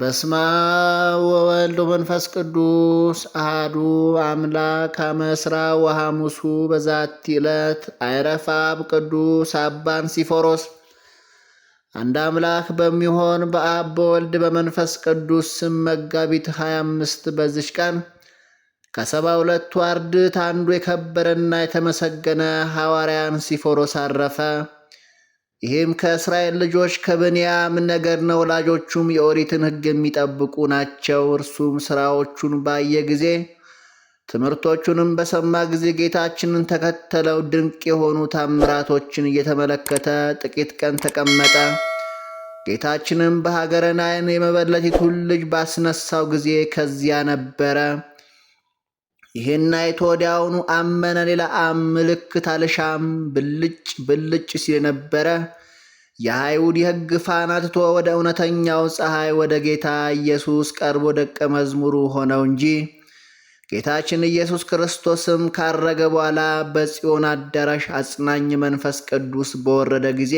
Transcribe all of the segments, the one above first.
በስማ ወወልድ መንፈስ ቅዱስ አህዱ አምላክ አመስራ ወሐሙሱ በዛቲ ዕለት አይረፈ አብ ቅዱስ አባ አንሲፎሮስ። አንድ አምላክ በሚሆን በአብ በወልድ በመንፈስ ቅዱስ ስም መጋቢት 25 በዚች ቀን ከሰባ ሁለቱ አርድእት አንዱ የከበረና የተመሰገነ ሐዋርያ አንሲፎሮስ አረፈ። ይህም ከእስራኤል ልጆች ከብንያም ነገር ነው። ወላጆቹም የኦሪትን ሕግ የሚጠብቁ ናቸው። እርሱም ሥራዎቹን ባየ ጊዜ ትምህርቶቹንም በሰማ ጊዜ ጌታችንን ተከተለው። ድንቅ የሆኑ ታምራቶችን እየተመለከተ ጥቂት ቀን ተቀመጠ። ጌታችንም በሀገረ ናይን የመበለቲቱን ልጅ ባስነሳው ጊዜ ከዚያ ነበረ። ይህን አይቶ ወዲያውኑ አመነ። ሌላ ምልክት አልሻም። ብልጭ ብልጭ ሲል ነበረ። የአይሁድ የሕግ ፋና ትቶ ወደ እውነተኛው ፀሐይ ወደ ጌታ ኢየሱስ ቀርቦ ደቀ መዝሙሩ ሆነው እንጂ ጌታችን ኢየሱስ ክርስቶስም ካረገ በኋላ በጽዮን አዳራሽ አጽናኝ መንፈስ ቅዱስ በወረደ ጊዜ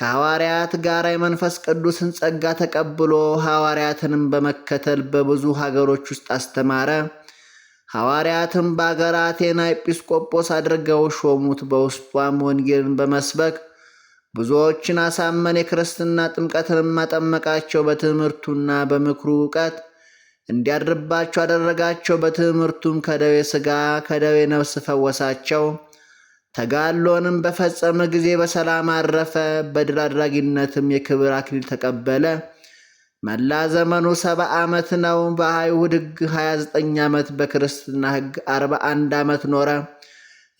ከሐዋርያት ጋር የመንፈስ ቅዱስን ጸጋ ተቀብሎ ሐዋርያትንም በመከተል በብዙ ሀገሮች ውስጥ አስተማረ። ሐዋርያትም በአገር አቴና ኤጲስቆጶስ አድርገው ሾሙት። በውስጧም ወንጌልን በመስበክ ብዙዎችን አሳመን። የክርስትና ጥምቀትንም አጠመቃቸው። በትምህርቱና በምክሩ እውቀት እንዲያድርባቸው አደረጋቸው። በትምህርቱም ከደዌ ሥጋ ከደዌ ነፍስ ፈወሳቸው። ተጋሎንም በፈጸመ ጊዜ በሰላም አረፈ። በድል አድራጊነትም የክብር አክሊል ተቀበለ። መላ ዘመኑ ሰባ ዓመት ነው። በአይሁድ ሕግ 29 ዓመት፣ በክርስትና ሕግ 41 ዓመት ኖረ።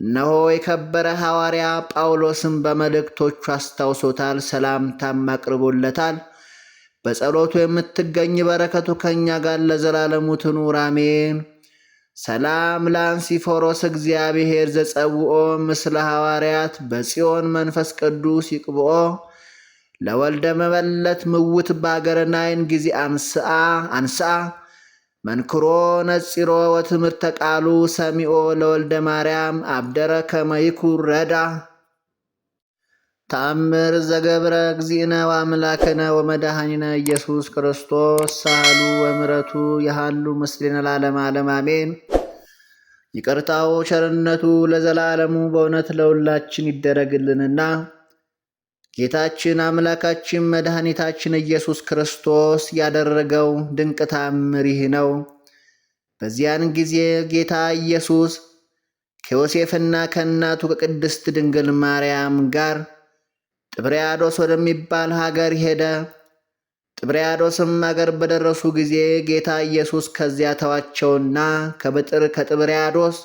እነሆ የከበረ ሐዋርያ ጳውሎስን በመልእክቶቹ አስታውሶታል፣ ሰላምታም አቅርቦለታል። በጸሎቱ የምትገኝ በረከቱ ከእኛ ጋር ለዘላለሙ ትኑር አሜን። ሰላም ለአንሲፎሮስ እግዚአብሔር ዘጸውኦ ምስለ ሐዋርያት በጽዮን መንፈስ ቅዱስ ይቅብኦ ለወልደ መበለት ምውት ባገረ ናይን ጊዜ አንስአ አንስአ መንክሮ ነፂሮ ወትምህርተ ቃሉ ሰሚኦ ለወልደ ማርያም አብደረ ከመይኩር ረዳ ተአምር ዘገብረ እግዚእነ ወአምላክነ ወመድኃኒነ ኢየሱስ ክርስቶስ ሳሉ ወምረቱ የሃሉ ምስሌነ ለዓለመ ዓለም አሜን። ይቅርታው ቸርነቱ ለዘላለሙ በእውነት ለሁላችን ይደረግልንና ጌታችን አምላካችን መድኃኒታችን ኢየሱስ ክርስቶስ ያደረገው ድንቅ ታምር ይህ ነው። በዚያን ጊዜ ጌታ ኢየሱስ ከዮሴፍና ከእናቱ ከቅድስት ድንግል ማርያም ጋር ጥብርያዶስ ወደሚባል ሀገር ሄደ። ጥብርያዶስም አገር በደረሱ ጊዜ ጌታ ኢየሱስ ከዚያ ተዋቸውና ከብጥር ከጥብርያዶስ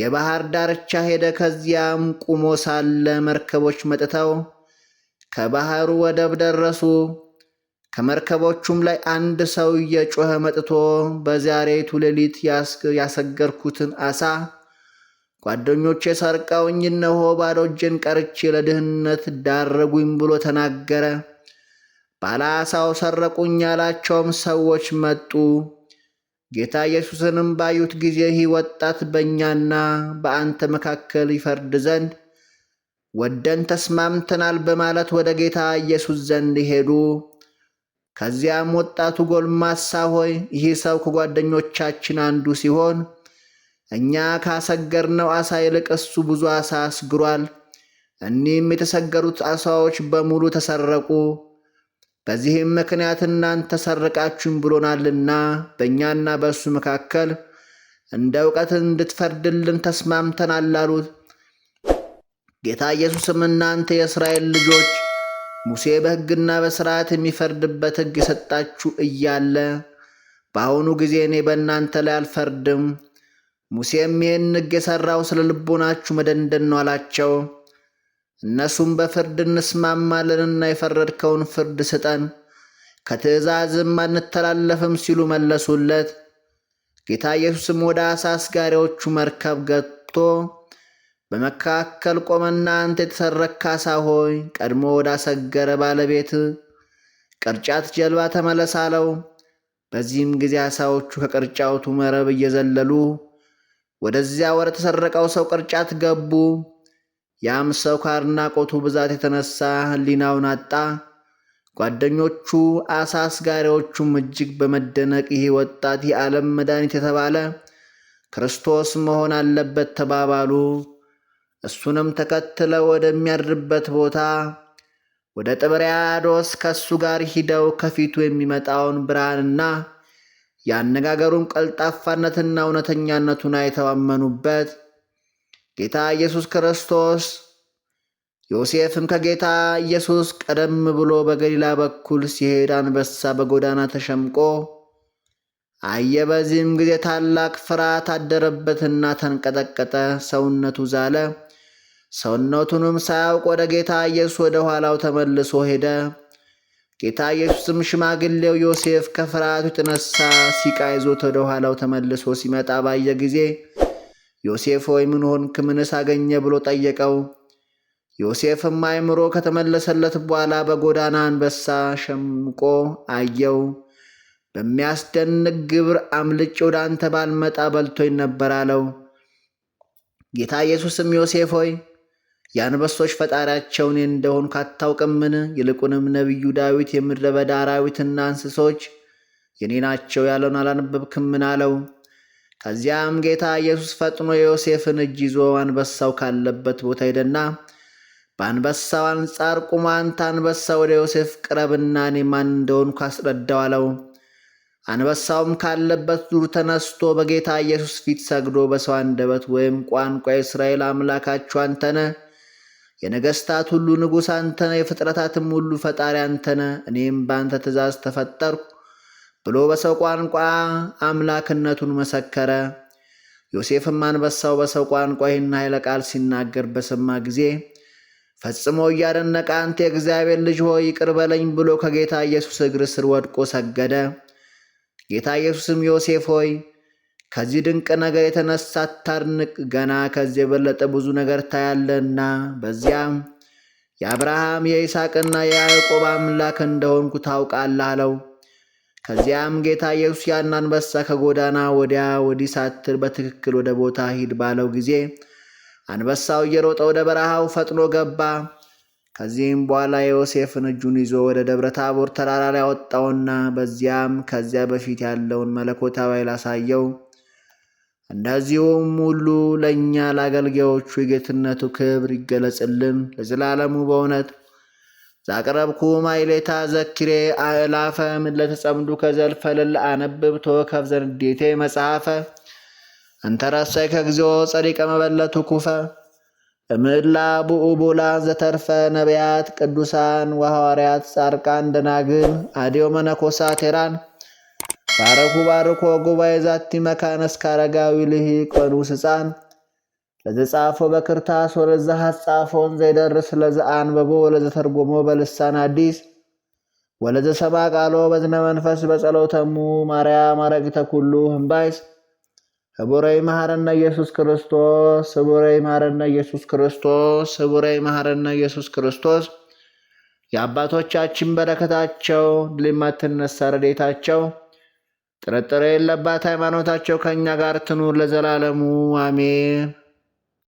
የባህር ዳርቻ ሄደ። ከዚያም ቁሞ ሳለ መርከቦች መጥተው ከባህሩ ወደብ ደረሱ። ከመርከቦቹም ላይ አንድ ሰው እየጮኸ መጥቶ በዛሬቱ ሌሊት ያሰገርኩትን አሳ ጓደኞቼ ሰርቀውኝ እነሆ ባዶ እጄን ቀርቼ ለድህነት ዳረጉኝ ብሎ ተናገረ። ባለ አሳው ሰረቁኝ ያላቸውም ሰዎች መጡ። ጌታ ኢየሱስንም ባዩት ጊዜ ይህ ወጣት በእኛና በአንተ መካከል ይፈርድ ዘንድ ወደን ተስማምተናል በማለት ወደ ጌታ ኢየሱስ ዘንድ ሄዱ። ከዚያም ወጣቱ ጎልማሳ ሆይ ይህ ሰው ከጓደኞቻችን አንዱ ሲሆን እኛ ካሰገርነው አሳ ይልቅ እሱ ብዙ አሳ አስግሯል። እኒህም የተሰገሩት አሳዎች በሙሉ ተሰረቁ። በዚህም ምክንያት እናንተ ተሰርቃችሁም ብሎናልና በእኛና በእሱ መካከል እንደ እውቀት እንድትፈርድልን ተስማምተናል አሉት። ጌታ ኢየሱስም እናንተ የእስራኤል ልጆች ሙሴ በሕግና በሥርዓት የሚፈርድበት ሕግ የሰጣችሁ እያለ በአሁኑ ጊዜ እኔ በእናንተ ላይ አልፈርድም። ሙሴም ይህን ሕግ የሠራው ስለ ልቦናችሁ መደንደን ነው አላቸው። እነሱም በፍርድ እንስማማለንና የፈረድከውን ፍርድ ስጠን፣ ከትእዛዝም አንተላለፍም ሲሉ መለሱለት። ጌታ ኢየሱስም ወደ አሳ አስጋሪዎቹ መርከብ ገብቶ በመካከል ቆመና አንተ የተሰረክ ካሳ ሆይ ቀድሞ ወዳሰገረ ባለቤት ቅርጫት ጀልባ ተመለስ አለው። በዚህም ጊዜ አሳዎቹ ከቅርጫቱ መረብ እየዘለሉ ወደዚያ ወደ ተሰረቀው ሰው ቅርጫት ገቡ። ያም ሰው ከአድናቆቱ ብዛት የተነሳ ሕሊናውን አጣ። ጓደኞቹ አሳ አስጋሪዎቹም እጅግ በመደነቅ ይህ ወጣት የዓለም መድኃኒት የተባለ ክርስቶስ መሆን አለበት ተባባሉ። እሱንም ተከትለው ወደሚያድርበት ቦታ ወደ ጥብርያዶስ ከእሱ ጋር ሂደው ከፊቱ የሚመጣውን ብርሃንና የአነጋገሩን ቀልጣፋነትና እውነተኛነቱን አይተዋመኑበት ጌታ ኢየሱስ ክርስቶስ ዮሴፍም ከጌታ ኢየሱስ ቀደም ብሎ በገሊላ በኩል ሲሄድ አንበሳ በጎዳና ተሸምቆ አየ። በዚህም ጊዜ ታላቅ ፍርሃት አደረበትና ተንቀጠቀጠ፣ ሰውነቱ ዛለ። ሰውነቱንም ሳያውቅ ወደ ጌታ ኢየሱስ ወደ ኋላው ተመልሶ ሄደ። ጌታ ኢየሱስም ሽማግሌው ዮሴፍ ከፍርሃቱ የተነሳ ሲቃ ይዞት ወደ ኋላው ተመልሶ ሲመጣ ባየ ጊዜ ዮሴፍ ሆይ ምን ሆንክ? ምንስ አገኘ? ብሎ ጠየቀው። ዮሴፍም አእምሮ ከተመለሰለት በኋላ በጎዳና አንበሳ ሸምቆ አየው። በሚያስደንቅ ግብር አምልጭ ወደ አንተ ባልመጣ በልቶኝ ነበር አለው። ጌታ ኢየሱስም ዮሴፍ ሆይ የአንበሶች ፈጣሪያቸውን እንደሆን ካታውቅምን ይልቁንም ነቢዩ ዳዊት የምድረ በዳ አራዊትና እንስሶች የኔ ናቸው ያለውን አላነበብክምን? አለው። ከዚያም ጌታ ኢየሱስ ፈጥኖ የዮሴፍን እጅ ይዞ አንበሳው ካለበት ቦታ ሄደና በአንበሳው አንጻር ቁሞ፣ አንተ አንበሳ ወደ ዮሴፍ ቅረብና እኔ ማን እንደሆንኩ አስረዳው አለው። አንበሳውም ካለበት ዱር ተነስቶ በጌታ ኢየሱስ ፊት ሰግዶ በሰው አንደበት ወይም ቋንቋ የእስራኤል አምላካችሁ አንተ የነገስታት ሁሉ ንጉሥ አንተነ፣ የፍጥረታትም ሁሉ ፈጣሪ አንተነ፣ እኔም በአንተ ትእዛዝ ተፈጠርኩ ብሎ በሰው ቋንቋ አምላክነቱን መሰከረ። ዮሴፍም አንበሳው በሰው ቋንቋ ይህን ኃይለ ቃል ሲናገር በሰማ ጊዜ ፈጽሞ እያደነቀ አንተ የእግዚአብሔር ልጅ ሆይ ይቅር በለኝ ብሎ ከጌታ ኢየሱስ እግር ስር ወድቆ ሰገደ። ጌታ ኢየሱስም ዮሴፍ ሆይ ከዚህ ድንቅ ነገር የተነሳ አታድንቅ፣ ገና ከዚህ የበለጠ ብዙ ነገር ታያለና በዚያም የአብርሃም የይስሐቅና የያዕቆብ አምላክ እንደሆንኩ ታውቃለህ አለው። ከዚያም ጌታ ኢየሱስ ያን አንበሳ ከጎዳና ወዲያ ወዲህ ሳትል በትክክል ወደ ቦታ ሂድ ባለው ጊዜ አንበሳው እየሮጠ ወደ በረሃው ፈጥኖ ገባ። ከዚህም በኋላ የዮሴፍን እጁን ይዞ ወደ ደብረ ታቦር ተራራ ላይ አወጣውና በዚያም ከዚያ በፊት ያለውን መለኮታዊ ላሳየው እንደዚሁም ሁሉ ለእኛ ለአገልጋዮቹ የጌትነቱ ክብር ይገለጽልን ለዘላለሙ በእውነት ዛቅረብኩ ማይሌታ ዘኪሬ አእላፈ ለተጸምዱ ከዘልፈ ልል አነብብ ተወከብ ዘንዴቴ መጽሐፈ እንተረሳይ ከግዚኦ ጸሪቀ መበለቱ ኩፈ እምላ ብኡቡላን ዘተርፈ ነቢያት ቅዱሳን ወሐዋርያት ጻርቃን ደናግል አዲዮ መነኮሳ ቴራን ባረኩ ባርኮ ጉባኤ ዛቲ መካነስ ካረጋዊ ልሂቅ በንዑስ ሕፃን ለዘጻፎ በክርታስ ወለዛ ሐጻፎን ዘይደርስ ለዘ አንብቦ ወለዘ ተርጎሞ በልሳን አዲስ ወለዘ ሰማ ቃሎ በዝነ መንፈስ በጸሎተሙ ማርያም አረግተ ኩሉ ህምባይስ ህቡረይ መሐረነ ኢየሱስ ክርስቶስ ህቡረይ መሐረነ ኢየሱስ ክርስቶስ ህቡረይ መሐረነ ኢየሱስ ክርስቶስ የአባቶቻችን በረከታቸው ድል የማትነሳ ጥርጥር የለባት ሃይማኖታቸው ከእኛ ጋር ትኑር ለዘላለሙ አሜን።